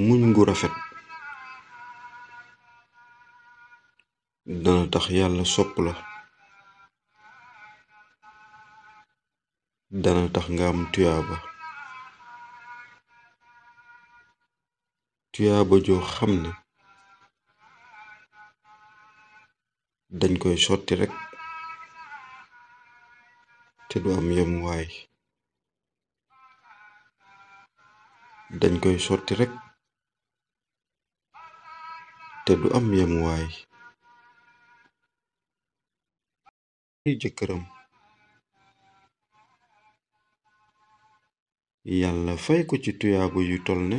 muñ gu rafet dana tax yàlla sopp la dana tax ngam am tuyaaba tuyaaba joo xam ne dañ koy sotti rekk te du am yem waay dañ koy sotti rekk Tado am yam way. jëkkëram yàlla ya fay ko ci tuyaabu yu tol ne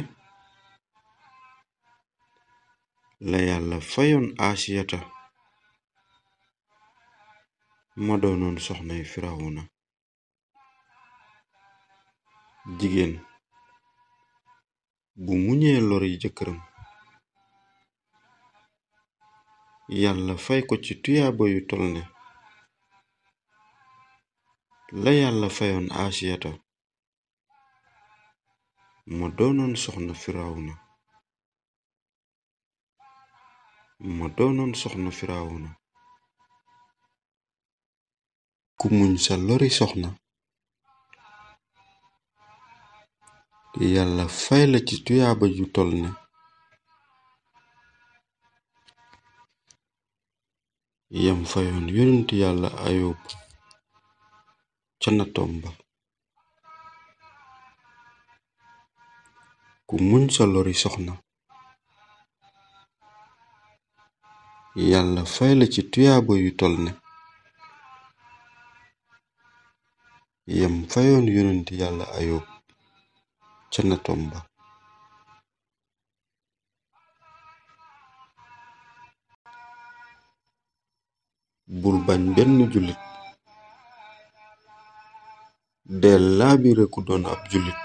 la yàlla fayoon asiyata ma doonoon soxnay firawuna jigéen bu muñee lori jëkkëram yàlla fay ko ci tuyaaba yu tol ne la yàlla fayoon asiyata ma doonoon soxna firawna ma doonoon soxna firawna ku muñ sa lori soxna yàlla fay la ci tuyaaba yu tol ne yam fayoon yonentu yàlla ayub ca nattoom ba ku muñ lori soxna yàlla fay la ci tuyaaba yu toll ne yam fayoon yonentu yàlla ayub ca nattoom ba bul bañ benn julit deel bi ku doon ab julit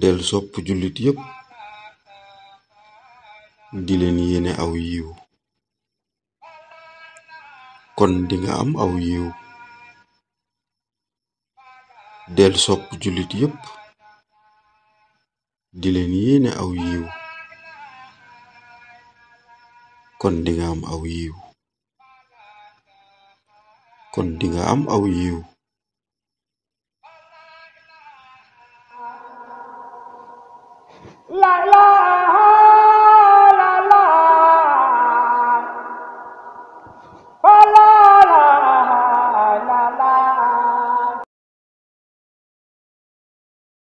del sopp julit yépp di leen yéene aw yiiw kon nga am aw yiiw del sopp julit yépp di leen yéene aw yiiw Còn đừng ầm ầu nhiều Còn đừng ầm ầu nhiều lại lo